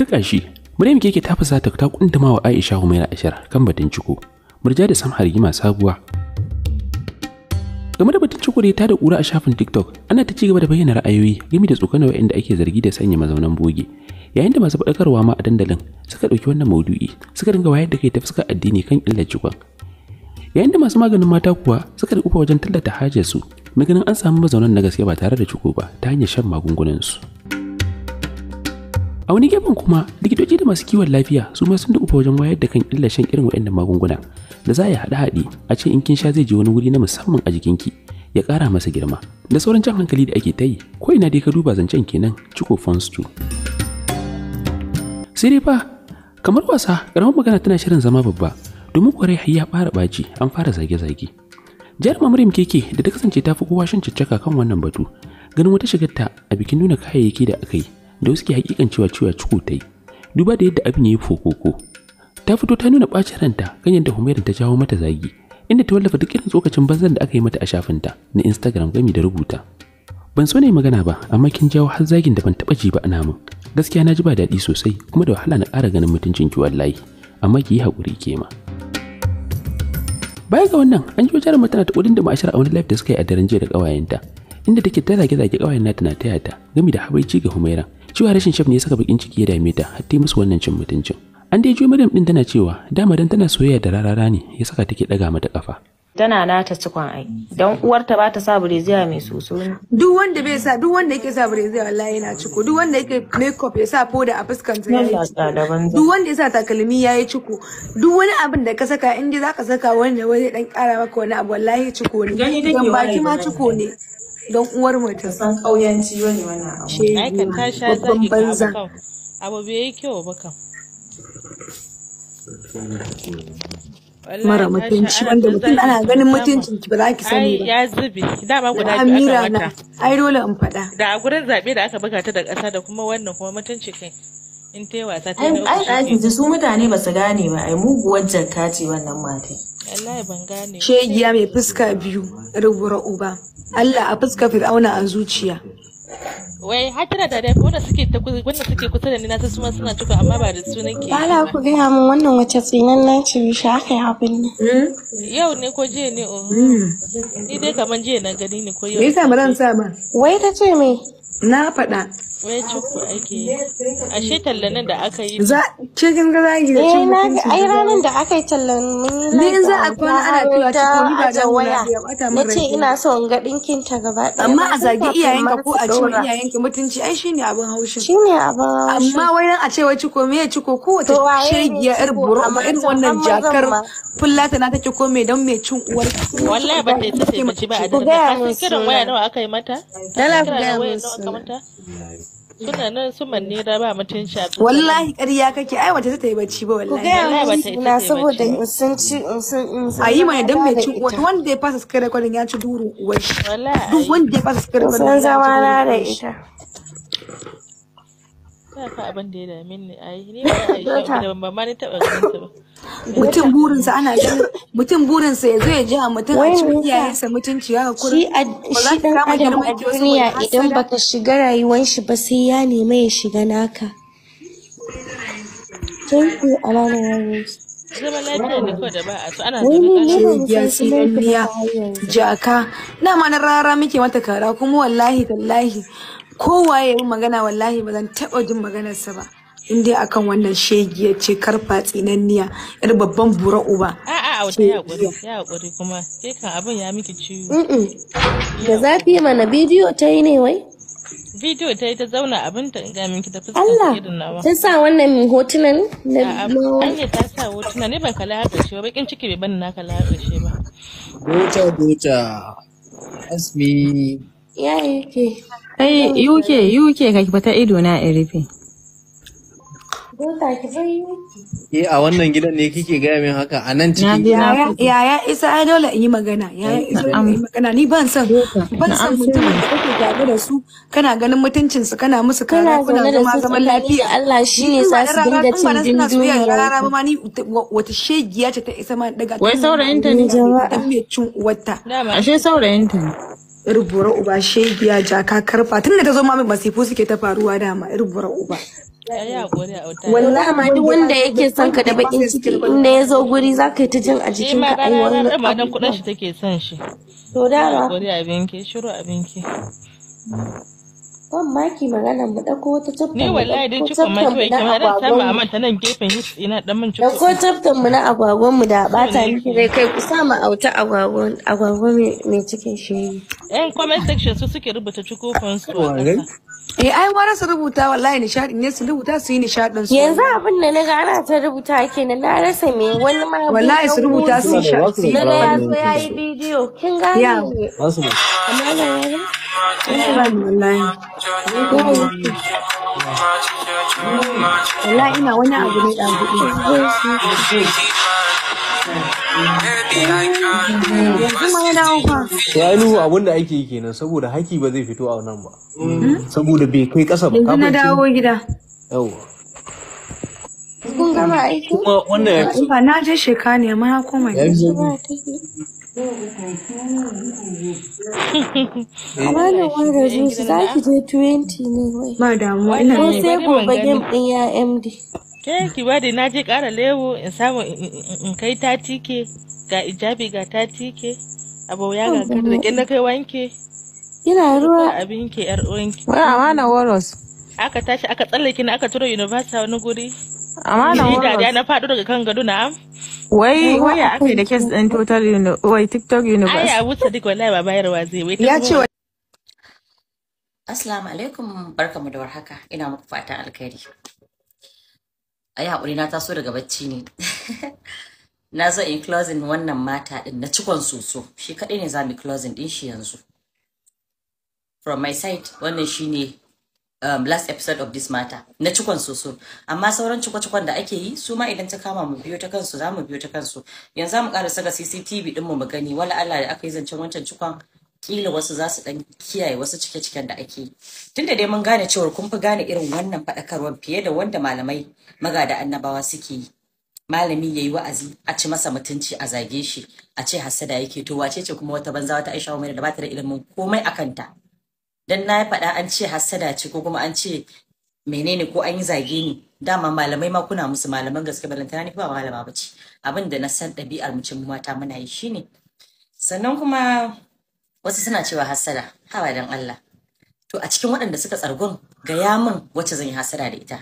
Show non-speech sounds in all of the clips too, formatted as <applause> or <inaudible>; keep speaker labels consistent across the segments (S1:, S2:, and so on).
S1: turka shi Maryam keke ta fasa ta kunduma wa Aisha Humaira Ashara kan batun ciko murja da sam hargima sabuwa game da batun cikure ta da kura a shafin TikTok ana ta cigaba da bayyana ra'ayoyi game da tsokanar wanda ake zargi da sanya mazaunan boge yayin da masu faɗakarwa ma a dandalin suka ɗauki wannan maudu'i suka dinga wayar da kai ta fuskar addini kan illar cikon yayin da masu maganin mata kuwa suka da wajen tallata hajjarsu maganin an samu mazaunan na gaske ba tare da ciko ba ta hanyar shan magungunansu a wani gefen kuma likitoci da masu kiwon lafiya su ma sun dukufa wajen wayar da kan illar shan irin waɗannan magunguna da za a yi haɗe haɗe a ce in kin sha zai je wani wuri na musamman a jikinki ya ƙara masa girma da sauran jan hankali da ake ta yi ko ina dai ka duba zancen kenan ciko fons tu. sai fa kamar wasa ƙaramin magana tana shirin zama babba domin kwarai har ya fara ɓaci an fara zage-zage jihar mamrim keke da ta kasance ta fi kowa shan caccaka kan wannan batu ganin wata shigarta a bikin nuna kayayyaki da aka yi da wasu ke hakikan cewa cewa ciko ta yi duba da yadda abin ya yi fokoko ta fito ta nuna ɓacin ranta kan yadda Humairun ta jawo mata zagi inda ta wallafa duk irin tsokacin banzan da aka yi mata a shafin ta na instagram gami da rubuta ban so na magana ba amma kin jawo har zagin da ban taɓa ji ba ana namu. gaskiya na ji ba daɗi sosai kuma da wahala na ƙara ganin mutuncin ki wallahi amma ki yi haƙuri ke ma baya ga wannan an ji wajen tana ta kudin da ma'ashar a wani live da suka yi a daren jiya da ƙawayenta inda take ta zage-zage ƙawayen nata na taya ta gami da habaici ga humairan cewa rashin shaf ne ya saka bakin ciki ya dame ta har ta musu wannan cin mutuncin an dai Maryam din tana cewa dama dan tana soyayya da rarara ne ya saka take daga mata kafa
S2: tana nata cikon ai dan ta ba ta sa bureziya mai soso ne duk wanda bai sa duk wanda yake sa bureziya wallahi yana ciko duk wanda yake makeup ya sa foda a fuskan ta yayi duk wanda ya sa takalmi yayi ciko duk wani abin da ka saka in dai zaka saka wanda wani dan kara maka wani abu wallahi ciko ne dan baki ma ciko ne don uwar mu ta san ƙauyanci bane wannan abu aikan ta sha zaki banza
S3: abu bai yi kyau ba kan mara mutunci wanda mutum ana ganin mutuncin ki ba za ki sani ba ya da ba guda biyu aka mata
S2: ai dole in faɗa
S3: da a gurin zaɓe da aka buga ta da ƙasa da kuma wannan kuma mutunci kai in ta yi ta yi ai ji su
S2: mutane ba su gane ba ai muguwar jakka ce wannan matan wallahi ban gane shegiya mai fuska biyu rubura uba Allah a fuska fir'auna a zuciya
S3: wai hatira da dai wanda suke wanda suke kusa da ni na su ma suna tuka amma ba da sunan ke bala ku
S2: ga mun wannan wace tsinannen ci bi sha kai abin ne hmm?
S3: yau ne ko jiya ne oh hmm. ni dai kaman jiya nan gani ne ko yau me yasa ba zan
S2: sa ba wai ta ce me na faɗa
S3: wai cuku ake ashe tallanin da aka yi za cikin ga za ki ga cin eh, mutunci ai ranar da aka yi tallan mun ni in za a kwana ana tuwa cikin ni ba da waya ina so
S2: in ga dinkin ta gaba ɗaya amma a zagi iyayenka ko a ci iyayenki mutunci ai shine abin haushin shine abin haushin amma wai nan a ce wai ciko me ciko ko wata shegiya yar buru amma irin wannan jakar fullata na take ko me don me cin uwar wallahi ba ta yi ta ce ba a da ta kiran waya nawa
S3: aka yi mata dala ku ga musu suna nan su manne da ba mutunci a wallahi
S2: ƙarya kake ai wata ta yi bacci ba wallahi ta yi na saboda in sun ci in sun in sun ayi mai dan mai ci wanda ya fasa sukar recording ya ci duru wai wallahi duk wanda ya fasa sukar recording ya ci duru uwai sun zama na da ita
S3: ka abin da ya dame ni ni ba ma
S2: ni ba mutum burinsa ana ganin mutum burinsa ya zo ya ji a mutum a cikin iyayensa mutunci ya hakuri shi dan adam a duniya idan baka shiga rayuwan shi ba sai ya nemi ya shiga naka thank you alana yarus ba a jaka na ma na rara muke mata kara kuma wallahi tallahi Kowa ya yi magana wallahi ba zan taɓa jin maganarsa ba in dai akan wannan shegiyar ce karfa tsinanniya yar babban bura uba a'a wata ya hakuri ya hakuri kuma sai kan
S3: abin ya miki ciwo
S2: da zafi mana bidiyo ta yi ne wai
S3: bidiyo ta yi ta zauna abin ta ga minki ta fuskar da nawa ta sa wannan hotunan na anya ta sa hotuna ne ban kala haɗa shi ba bakin ciki bai bani na kala haɗa shi ba
S4: dota dota asmi ya yake
S2: Ai,
S3: UK, UK ka ki ido na in rufe.
S4: Eh a wannan gidan ne kike gaya min haka a nan cikin gida. Yaya isa ai dole in yi magana.
S2: Ya, isa in yi magana ni ban san ban san mutumin da kake tare da su kana ganin mutuncin su kana musu kana kuna zama zaman lafiya. Allah shi ne sa su dinga cin din duniya. Rara ma ni wata shegiya ce ta isa ma daga. Wai saurayinta ne. Jama'a. Cin uwarta. Ashe saurayinta ne. irin bora uba shegiya jaka karfa tun da ta zo mamin masifu suke ta faruwa dama irin bora uba wallahi ma duk wanda yake son ka da bakin ciki inda ya zo guri za ka yi ta jin a jikin ka ai wannan
S3: ma dan kudin shi take son shi to dama abinki shiru abinki ban maki magana mu dauko wata mu ni wallahi dai cikon maki wai da ta ba manta nan gefen hits ina dan mun cikon dauko taftan
S2: mu na agwagwan mu da bata miki dai kai ku sa mu auta agwagwan agwagwa mai cikin shiri.
S3: yan comment section su suke rubuta cikofan su
S2: Eh ai wara su rubuta wallahi nishadi ne su rubuta su yi nishadin su. Yanzu abin da na gana ta rubuta kenan na rasa me wani ma wallahi su rubuta su yi nishadi. Na ya zo yayi bidiyo kin gane. Ya. Amma na wallahi ina wani abu ne
S4: ya nuhu abin da ake yi kenan saboda haki ba zai fito a nan ba hmm? saboda bai kai ƙasa ba yanzu na dawo gida yawa
S2: kun gama aiki kuma wannan ya fi na je shekara ne ma ya koma gida Malam Wara Jusu za ki je 20 ne wai. Ma damuwa ina ne. sai gobe gem ɗin ya MD.
S3: Ke ki bari na je ƙara lewo in samu in kai ta tike, ga ijabi ga ta tike, Abu ya ga kar da na kai wanke. Ina ruwa. Abin ke ƴar uwanki. Wa amana Waros. Aka tashi aka tsallake ni aka tura university wani guri. amma na wani dariya na faɗo daga kan gado na wai wai ya aka da kes ɗin total wai tiktok universe ai abu sadiq wallahi ba bayarwa zai wai ya ce
S5: assalamu alaikum barkamu da warhaka ina muku fatan alkhairi ai hakuri na taso daga bacci ne <laughs> na zo in closing wannan mata din na cikon soso shi kadai ne za mu closing din shi yanzu from my side wannan shine um, last episode of this matter na cikon soso amma sauran cikon da ake yi su ma idan ta kama mu biyo ta kansu za mu biyo ta kansu yanzu mu kara saka CCTV din mu mu gani wala Allah da aka yi zancen wancan cikon kila wasu za su dan kiyaye wasu cike-ciken da ake yi tunda dai mun gane cewa kun fi gane irin wannan fadakarwar fiye da wanda malamai magada annabawa suke yi malami ya yi wa'azi a ci masa mutunci a zage shi a ce hassada yake to wace ce kuma wata banza wata aisha umar da bata da ilimin komai a kanta dan na faɗa an ce hasada ce ko kuma an ce menene ko an yi zage ni dama malamai ma kuna musu malaman gaske balantana ni ba malama bace abin da na san ɗabi'ar mu mu mata muna yi shine sannan kuma wasu suna cewa hasada hawa dan Allah to a cikin waɗanda suka tsargon ga ya min wacce zan yi hasada da ita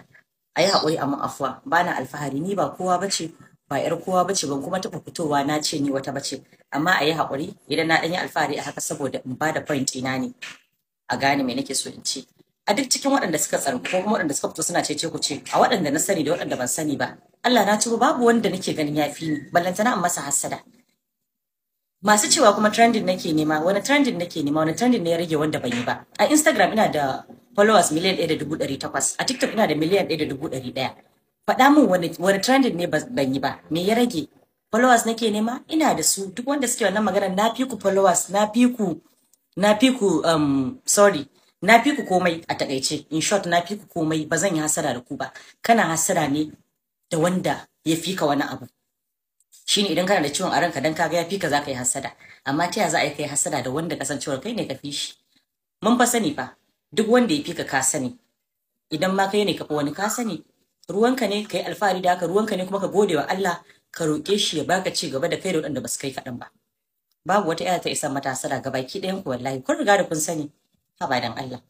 S5: ayi yi haƙuri amma afuwa ba na alfahari ni ba kowa bace ba yar kowa bace ban kuma taɓa fitowa na ce ni wata bace amma a yi haƙuri idan na ɗan yi alfahari a haka saboda in ba da point ina ne a gane me nake so in ce a duk cikin waɗanda suka tsaro ko kuma waɗanda suka fito suna ce ce ku ce a waɗanda na sani da waɗanda ban sani ba Allah na tuba babu wanda nake ganin ya fi ni ballantana in masa hasada. masu cewa kuma trending nake nema wani trending nake nema wani trending ne ya rage wanda ban yi ba a Instagram ina da followers miliyan ɗaya da a TikTok ina da miliyan ɗaya da dubu ɗari ɗaya faɗa min wani wani trending ne ban yi ba me ya rage followers nake nema ina da su duk wanda suke wannan magana na fi ku followers na fi ku na fi ku um, sorry na fi ku komai a takaice in short na fi ku komai ba zan yi hasara da ku ba kana hasara ne da wanda ya fi ka wani abu shine idan kana da ciwon a ranka dan kaga ya fi ka za ka yi hasada amma ta za a yi kai hasada da wanda kasancewar kai ne ka fi shi mun fa sani fa duk wanda ya fi ka ka sani idan ma kai ne ka fi wani ka sani ruwanka ne ka yi alfahari da haka ruwanka ne kuma ka gode wa Allah ka roƙe shi ya baka ci gaba da kai da waɗanda ba su kai kaɗan ba babu wata yaya ta isa matasara ga baki ɗayan ku wallahi kun riga da kun sani dan Allah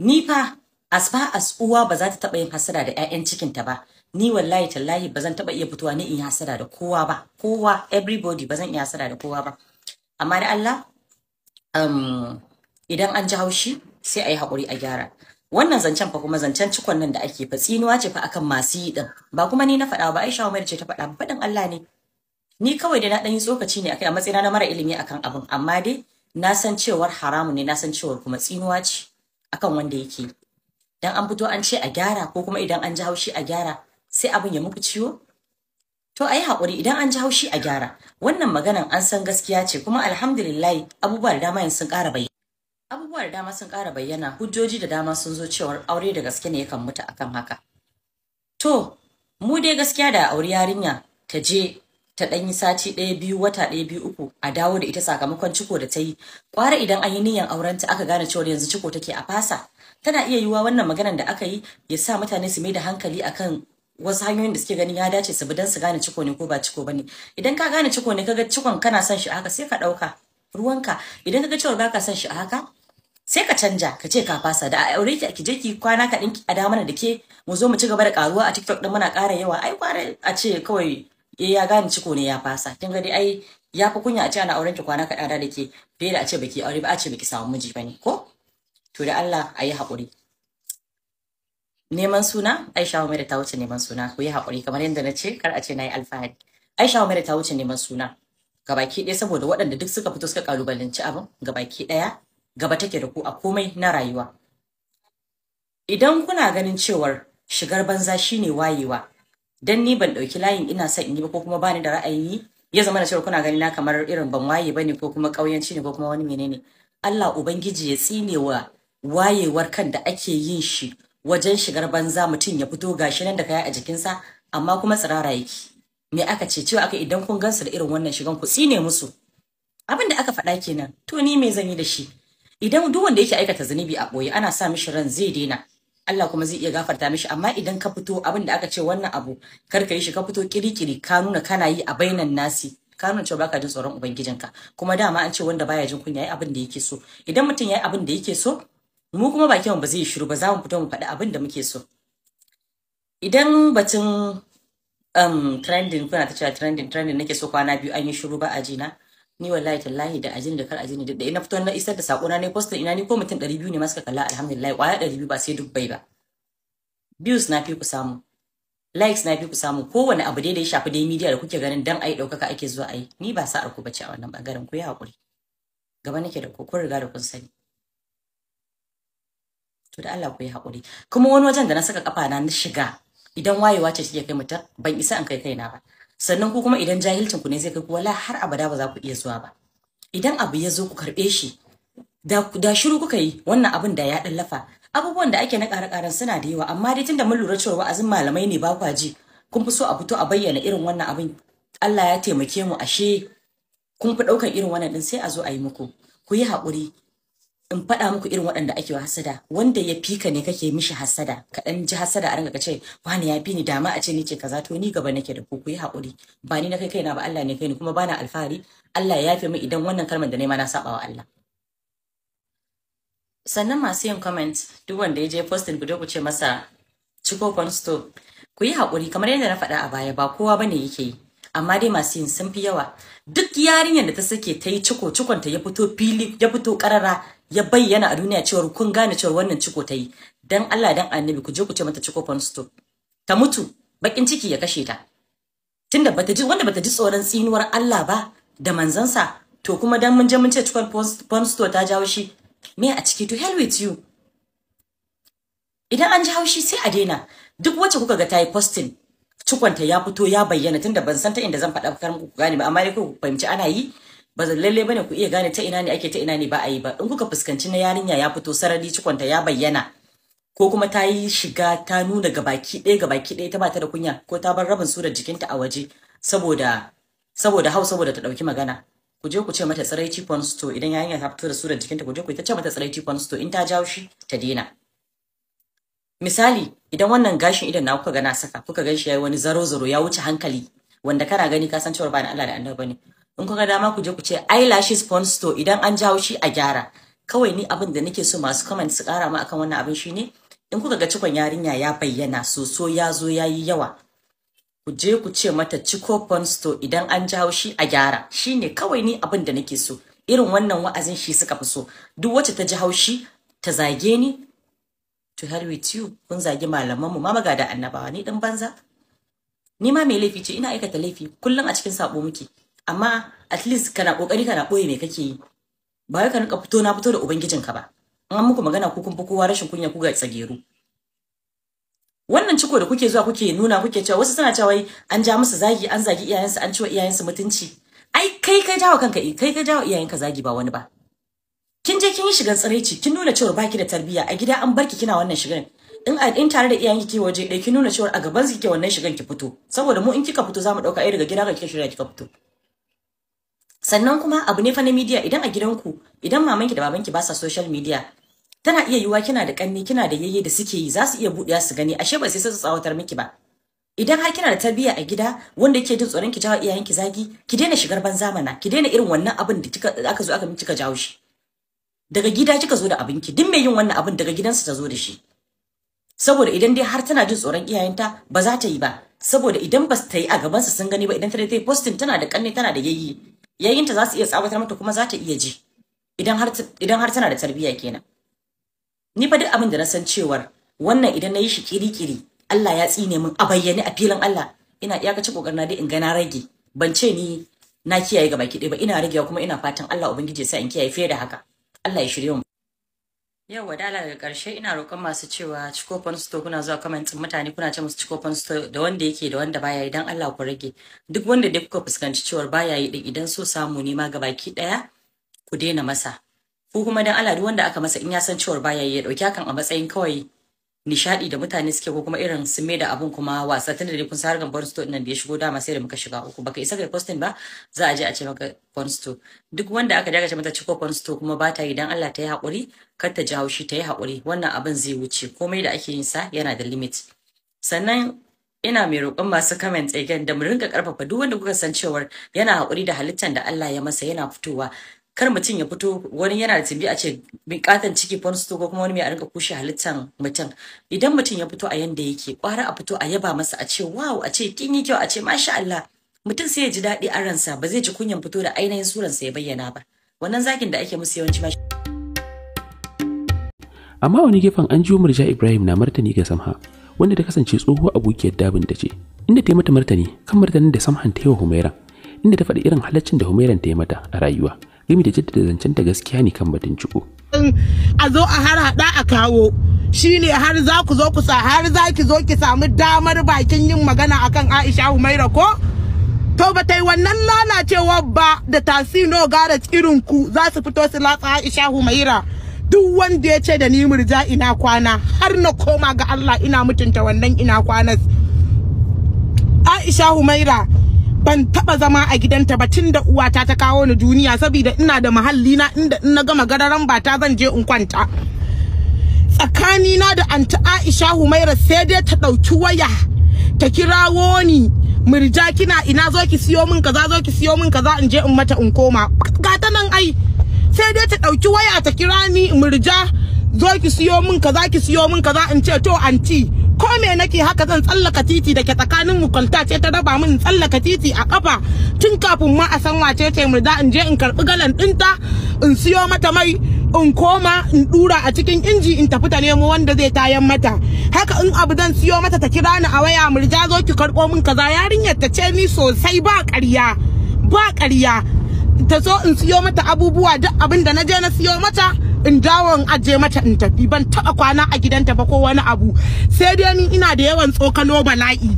S5: ni fa as far as uwa ba za ta taba yin hasara da 'ya'yan ta ba ni wallahi tallahi ba zan taɓa iya fitowa ni in yi hasara da kowa ba kowa everybody ba zan iya hasara da kowa ba amma da Allah um, idan an ji haushi sai a yi haƙuri a gyara wannan zancen fa kuma zancen cikon nan da ake fa tsinuwa ce fa akan masu yi din ba kuma ni na faɗa ba Aisha Umar ce ta faɗa ba faɗin Allah ne ni kawai dai na dan yi tsokaci ne akai a matsayina na mara ilimi akan abin amma dai na san cewar haramun ne na san cewar kuma tsinuwa ce akan wanda yake dan an fito an ce a gyara ko kuma idan an ji haushi a gyara sai abin ya muku ciwo to ayi hakuri idan an ji haushi a gyara wannan maganan an san gaskiya ce kuma alhamdulillahi abubuwa da dama sun ƙara bayyana abubuwa da dama sun ƙara bayyana hujjoji da dama sun zo cewar aure da gaske ne yakan mutu akan haka to mu dai gaskiya da aure yarinya ta je ta ɗan yi sati ɗaya biyu wata ɗaya biyu uku a dawo da ita sakamakon ciko da ta yi kwara idan an yi niyan aurenta aka gane cewa yanzu ciko take a fasa tana iya yiwuwa wannan maganar da aka yi ya sa mutane su mai da hankali akan wasu hanyoyin da suke ganin ya dace su bi don su gane ciko ne ko ba ciko ba ne idan ka gane ciko ne kaga cikon kana son shi a haka sai ka ɗauka ruwanka idan kaga cewa baka son shi a haka sai ka canja ka ce ka fasa da a aure ki je ki kwana ka dinki a damana da ke mu zo mu ci gaba da karuwa a TikTok din muna ƙara yawa ai kwara a ce kawai Eh ya gane ciko ne ya fasa kin ga dai ai ya fi kunya a ce ana auren ki kwana ka da ke bai da a ce baki aure ba a ce baki samu miji ba ne ko to da Allah a yi haƙuri neman suna Aisha Umar ta wuce neman suna ku yi haƙuri kamar yadda na ce kar a ce na yi alfahari Aisha Umar ta wuce neman suna gabaki ɗaya saboda waɗanda duk suka fito suka kalubalanci abin gabaki ɗaya gaba take da ku a komai na rayuwa idan kuna ganin cewar shigar banza shine wayewa dan ni ban dauki layin ina sa in yi ba ko kuma bani da ra'ayi ya zama na cewa kuna gani na kamar irin ban waye bane ko kuma kauyanci ne ko kuma wani menene Allah ubangiji ya tsine wa wayewar kan da ake yin shi wajen shigar banza mutum ya fito gashi nan da kaya a jikinsa amma kuma tsirara yake me aka ce cewa aka idan kun gansu da irin wannan shigan ku tsine musu abin da aka faɗa kenan to ni me zan yi da shi idan duk wanda yake aikata zunubi a boye ana sa mishi ran zai daina Allah kuma zai iya gafarta mishi amma idan ka fito abin da aka ce wannan abu kar ka yi shi ka fito kirikiri ka nuna kana yi a bainan nasi ka nuna cewa baka jin tsoron ubangijinka kuma dama an ce wanda baya jin kunya yayi abin da yake so idan mutum yayi abin da yake so mu kuma bakin ba zai shiru ba za mu fito mu faɗi abin da muke so idan batun um, trending kuna ta cewa trending trending nake so kwana biyu an yi shiru ba a jina ni wallahi tallahi da ajin da kar ajin da ina fito na isar da sakona ne poster ina ni ko mutum 200 ne ma suka kalla alhamdulillah kwaya 200 ba sai dubbai ba views na fi ku samu likes na fi ku samu kowane abu dai da ya shafi dai media da kuke ganin dan ai daukaka ake zuwa ai ni ba sa'ar ku bace a wannan bangaren ku yi hakuri gaba nake da ku kun riga da kun sani to da Allah ku yi hakuri kuma wani wajen da na saka kafa na na shiga idan wayewa ce take kai mutum ban isa an kai kaina ba sannan ku kuma idan jahilcin ku ne zai kai ku wala har abada ba za ku iya zuwa ba idan abu ya zo ku karɓe shi da, da shiru kuka yi wannan abin da ya ɗallafa abubuwan da ake na ƙara ƙaren suna da yawa amma dai tunda mun lura cewa wa'azin malamai ne ba kwa ji kun fi so a fito a bayyana irin wannan abin Allah ya taimake mu ashe kun fi daukan irin wannan din sai a zo a yi muku ku yi haƙuri in faɗa muku irin waɗanda ake hasada wanda ya fika ne kake mishi hasada kaɗan ji hasada a ranka ce wani ya fi ni dama a ce ni ce kaza to ni gaba nake da ku ku yi haƙuri ba ni na kai kaina ba Allah ne kai kuma kuma bana alfahari Allah ya yafe mu idan wannan kalmar da ma na saba wa Allah sannan masu yin comment duk wanda ya je posting ku ku ce masa ciko stop ku yi haƙuri kamar yadda na faɗa a baya ba kowa bane yake yi amma dai masu yin sun fi yawa duk yarinyar da ta sake ta yi ciko cikonta ya fito fili ya fito karara ya bayyana a duniya cewar kun gane cewar wannan ciko ta yi dan Allah dan annabi ku je ku ce mata ciko fonsto ta mutu bakin ciki ya kashe ta tunda bata ji wanda bata ji tsoron tsinuwar Allah ba da manzansa to kuma dan mun je mun ce cikon fonsto ta jawo shi me a ciki to hell with you idan an ji haushi sai a daina duk wacce kuka ga tayi posting cikonta ya fito ya bayyana tunda ban san ta inda zan faɗa gane ba amma dai ku fahimci ana yi ba lalle bane ku iya gane ta ina ne ake ta ina ne ba a yi ba in kuka fuskanci na yarinya ya fito sarari cikonta ya bayyana ko kuma ta yi shiga ta nuna gabaki ɗaya gabaki ɗaya ta ba ta da kunya ko ta bar rabin surar jikinta a waje saboda saboda hau saboda ta ɗauki magana ku je ku ce mata tsiraici cikon sto idan yarinya ta fito da surar jikinta ku je ku ta ce mata tsiraici cikon sto in ta jawo shi ta daina misali idan wannan gashin idan na kuka gana saka kuka gan shi yayi wani zaro zaro ya wuce hankali wanda kana gani ka san cewa ba Allah da annabi bane in kuka dama ku je ku ce eyelashes font store idan an jawo shi a gyara kawai ni abin da nake so masu comment su kara ma akan wannan abin shine in kuka ga cikon yarinya ya bayyana soso ya zo ya yi yawa ku je ku ce mata ciko font store idan an jawo shi a gyara shine kawai ni abin da nake so irin wannan wa'azin shi suka fi so duk wacce ta ji haushi ta zage ni to hell with you kun zagi mama ma da annabawa ni dan banza ni ma mai laifi ce ina aikata laifi kullum a cikin sabo muke amma at least kana kokari kana boye me kake yi ba wai ka rinka fito na fito da ubangijin ka ba an an muku magana ku kun fi kowa rashin kunya ku ga tsageru wannan ciko da kuke zuwa kuke nuna kuke cewa wasu suna cewa an ja musu zagi an zagi iyayensu an ciwa iyayensu mutunci ai kai kai jawo kanka eh, kai kai jawo iyayenka zagi ba wani ba kin je kin yi shigan tsiraici kin nuna cewa baki da tarbiyya a gida an barki kina wannan shigan in a in tare da iyayenki ke waje dai kin nuna cewa a gaban su kike wannan shigan ki fito saboda mu in kika fito zamu dauka ai daga gida kika shirya kika fito sannan kuma abu ne fa na media idan a gidanku idan mamanki da babanki ba sa social media tana iya yiwa kina da kanni kina da yayye da suke yi za su iya buɗe su gani ashe ba sai su tsawatar miki ba idan har kina da tarbiyya a gida wanda yake jin tsoron ki jawo iyayenki zagi ki daina shigar ban zamana ki daina irin wannan abin da kika aka zo aka miki kika jawo shi daga gida kika zo da abinki duk mai yin wannan abin daga gidansa ta zo da shi saboda idan dai har tana jin tsoron iyayenta ba za ta yi ba saboda idan ba ta yi a gabansa sun gani ba idan ta dai posting tana da kanni tana da yayye yayinta za su iya tsawatar mata kuma za ta iya ji idan har tana da tarbiyya kenan ni fa duk abin da na san cewar wannan idan na yi shi kirikiri Allah ya tsine min a bayyane a filin Allah ina iyakaci kokarin na dai in ga na rage ban ce ni na kiyaye gaba ki ba ina ragewa kuma ina fatan Allah ubangiji ya sa in kiyaye fiye da haka Allah ya shirye mu yau wadala daga karshe ina roƙon masu cewa cikofan sto kuna zuwa comments mutane kuna ce musu cikofan sto da wanda yake da wanda baya yi dan Allah ku rage duk wanda dai kuka fuskanci cewar baya yi din idan so samu ne ma gabaki daya ku daina masa ko kuma dan Allah duk wanda aka masa in ya san cewar baya yi ya dauki hakan a matsayin kawai nishadi da mutane suke ko kuma irin sun mai da abun kuma wasa tun da kun sa harkar store nan da ya shigo dama sai da muka shiga uku baka isa kai posting ba za a je a ce maka porn store duk wanda aka daga ce mata ciko bonsto store kuma ba ta yi dan Allah ta yi hakuri kar ta ji haushi ta yi hakuri wannan abun zai wuce komai da ake yin sa yana da limit sannan ina mai roƙon masu comment again da mu rinka karfafa duk wanda kuka san cewar yana hakuri da halittar da Allah ya masa yana fitowa kar mutum ya fito wani yana da tumbi a ce katan ciki fonsto ko kuma wani mai a rinka kushe halittan mutum idan mutum ya fito a yanda yake kwara a fito a yaba masa a ce wow a ce kin yi kyau a ce masha Allah mutum sai ya ji daɗi a ransa ba zai ji kunyan fito da ainihin sa ya bayyana ba wannan zakin da ake musu yawanci mashi
S1: amma wani gefen an jiwo murja ibrahim na martani ga samha wanda ta kasance tsohuwa abokiyar dabin da ce inda ta yi mata martani kan martanin da samhan ta yi wa humairan inda ta faɗi irin halaccin da humairan ta yi mata a rayuwa gami da jaddada zancen ta gaskiya ne kan batun ciko.
S6: a zo a har hada a kawo shine har za ku zo ku sa har za ki zo ki samu damar bakin yin magana akan Aisha Humaira ko to ba ta yi wannan lalacewa ba da tasino gara irin ku za su fito su latsa Aisha Humaira duk wanda ya ce da ni murja ina kwana har na koma ga Allah ina mutunta wannan ina kwanas Aisha Humaira ban taba zama a gidanta ba tun da uwata ta kawo ni duniya saboda ina da mahalli na inda in na gama gararan ba ta zan je in kwanta Tsakani na da anti Aisha Humaira sai dai ta ɗauki waya ta kirawo ni murja kina ina zo ki siyo min kaza zo ki siyo min kaza in je in mata in koma ga ta nan ai sai dai ta ɗauki waya ta kira ni murja zo ki siyo min kaza ki siyo min kaza in ce to anti ko me nake haka zan tsallaka titi da ke tsakanin mukunta ce ta raba min tsallaka titi a kafa tun kafin ma a san wace ce murda in je in karbi galan dinta in siyo mata mai in koma in dura a cikin inji in tafi ta nemo wanda zai tayan mata haka in abu zan siyo mata ta kira ni a waya murja zo ki karbo min kaza yarinyar ta ce ni sosai ba ƙarya ba ƙarya ta so in siyo mata abubuwa duk abin da na je na siyo mata in dawo in aje mata in tafi ban taba kwana a gidanta ba ko wani abu sai dai ni ina da yawan tsokano bala'i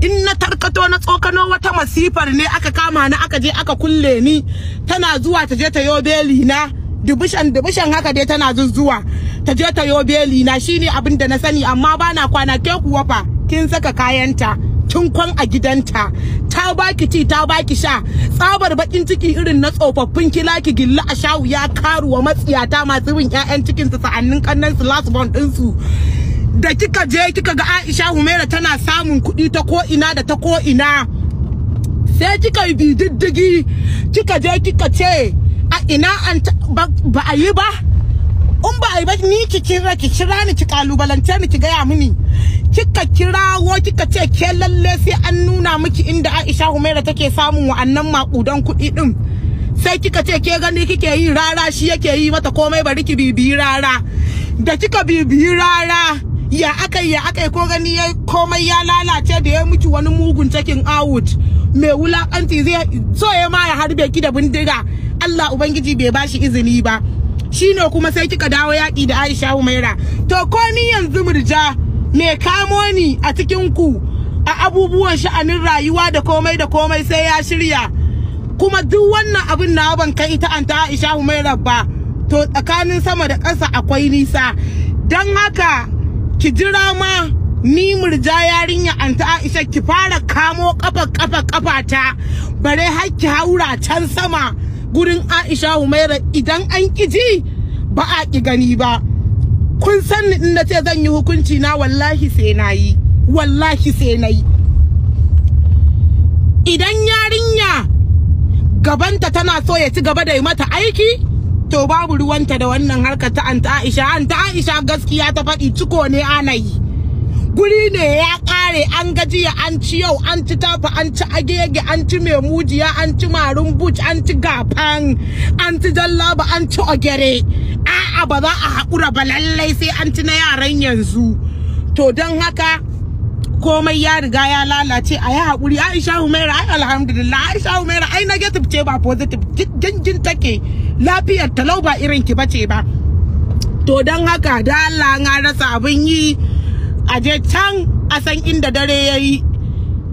S6: in na tarkato na tsokano wata masifar ne aka kama ni aka je aka kulle ni tana zuwa ta je ta yo beli na dubushan dubushan haka dai tana zuzzuwa ta je ta yo beli na shine abin da na sani amma bana kwana ke kuwa fa kin saka kayanta tunkon a gidanta ta baki ci ta baki sha tsabar bakin ciki irin na tsofaffin kila ki gilla a shawu ya karuwa matsiyata masu bin 'ya'yan cikinsu sa'annin kannan su last born su da kika je kika ga Aisha Humaira tana samun kuɗi ta ko ina da ta ko ina sai kika yi diddigi kika je kika ce a ina an ba a yi ba in ba a yi ba ni ki kira ki kira ni ki kalubalance ni ki gaya mini kika kirawo kika ce ke lalle sai an nuna miki inda Aisha Humaira take samun wa'annan makudan kuɗi din sai kika ce ke gani kike yi rara shi yake yi mata komai bari ki bibiyi rara da kika bibiyi rara ya akai ya akai ko gani ya komai ya lalace da ya miki wani mugun cikin out mai wulakanci zai so ya ma ya harbe ki da bindiga Allah ubangiji bai bashi izini ba shine kuma sai kika dawo yaki da Aisha Humaira to komi yanzu murja me kamo ni a cikin ku a abubuwan sha'anin rayuwa da komai da komai sai ya shirya kuma duk wannan abin na ban kai ita an Aisha Humaira ba to tsakanin sama da ƙasa akwai nisa dan haka ki jira ma ni murja yarinya an Aisha ki fara kamo kafa kafa kafa ta bare har ki haura can sama gurin Aisha Humaira idan an kiji ba a ki gani ba kun san ni na ce zan yi hukunci na wallahi sai na yi wallahi sai na yi idan yarinya gabanta tana so ya ci gaba da yi mata aiki to babu ruwanta da wannan harkar ta anta Aisha anta Aisha gaskiya ta faɗi ciko ne ana yi guri ne ya ƙare, an gajiya an ci yau an ci tafa an ci agege an ci memujiya an ci marun buc an ci gafan an ci jallaba an ci ogere a'a ba za a haƙura ba lallai sai an ci na yaran yanzu to don haka komai ya riga ya lalace a yi haƙuri aisha humaira ai alhamdulillah aisha humaira ai negative ce ba positive jinjin take lafiyar talau ba irin ki bace ba to don haka da Allah na rasa abin yi a je can a san inda dare ya yi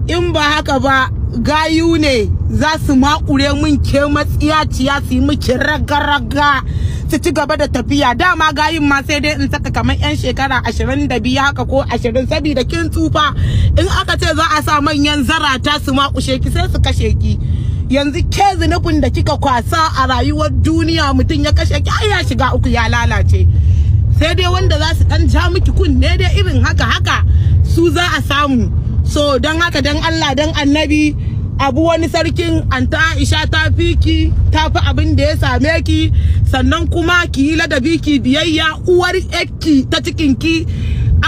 S6: in ba haka ba gayu ne za su makure mun ke matsiya ciya su yi miki raga-raga su ci gaba da tafiya dama gayin ma sai dai in saka kamar yan shekara ashirin da biyu haka ko ashirin saboda kin tsufa in aka ce za a sa manyan zarata su makushe ki sai su kashe ki yanzu ke zunubin da kika kwasa a rayuwar duniya mutum ya kashe ki ai ya shiga uku ya lalace sai dai wanda za su dan ja miki kunne dai irin haka haka su za a samu so don haka don Allah don annabi abu wani sarkin anta aisha ta fi ki ta fi abin da ya same ki sannan kuma ki yi ladabi ki biyayya uwar ki ta cikin ki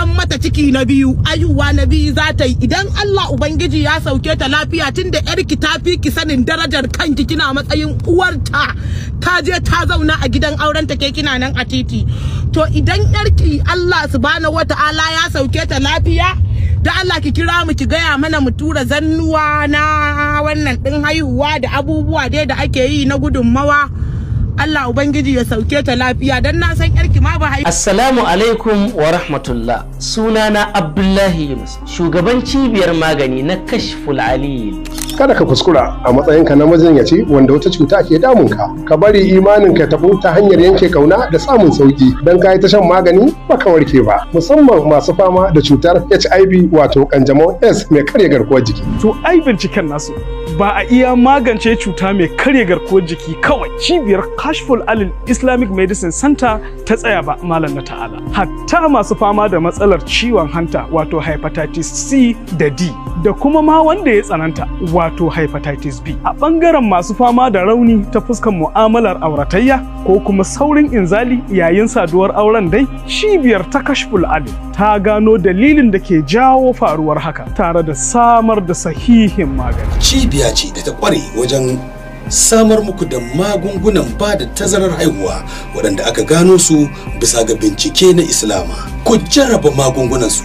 S6: an mata ciki na biyu ayuwa na biyu za ta yi idan Allah ubangiji ya sauke ta lafiya tun tunda yarki ta fi ki sanin darajar kanki kina matsayin uwar ta ta je ta zauna a gidan auren ta ke kina nan a titi to idan yarki Allah subhanahu ala ya sauke ta lafiya da Allah ki kira mu ki gaya mana mu tura zannuwa na wannan din haihuwa da abubuwa dai da ake yi na gudunmawa Allah Ubangiji ya sauke ta lafiya don na san yarki ma ba Assalamu alaikum
S4: wa rahmatullah sunana Abdullahi Yunus shugaban cibiyar magani na Kashful Aliyu. Kada ka kuskura a matsayinka na majinyaci wanda wata cuta ke damunka. Ka bari imanin ka tabu ta hanyar yanke kauna da samun sauki don ka yi ta shan magani ba ka warke ba. Musamman masu fama da cutar HIV wato kanjamau S mai karya garkuwar jiki. To ai binciken
S6: nasu ba a iya magance cuta mai karya garkuwar jiki kawai cibiyar kashful alil islamic medicine center ta tsaya ba malam na ta'ala hatta masu fama da matsalar ciwon hanta wato hepatitis c da d da kuma ma wanda ya tsananta wato hepatitis B. A ɓangaren masu fama da rauni ta fuskan mu'amalar auratayya ko kuma saurin inzali yayin saduwar auren dai cibiyar ta kashful ali ta gano dalilin da ke jawo faruwar haka tare da samar da sahihin magani.
S1: Cibiya ce da ta ƙware wajen samar muku da magungunan ba da tazarar haihuwa waɗanda aka gano su bisa ga bincike na Islama. Ku jarraba magungunan su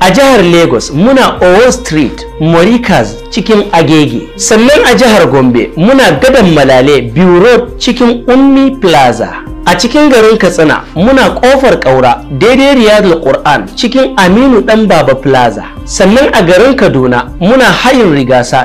S4: a jihar lagos muna owo street morikas cikin agege sannan a jihar gombe muna gadon malale biyu road cikin ummi plaza a cikin garin katsina muna kofar kaura daidai riyadul qur'an cikin aminu dan baba plaza sannan a garin kaduna muna hayin rigasa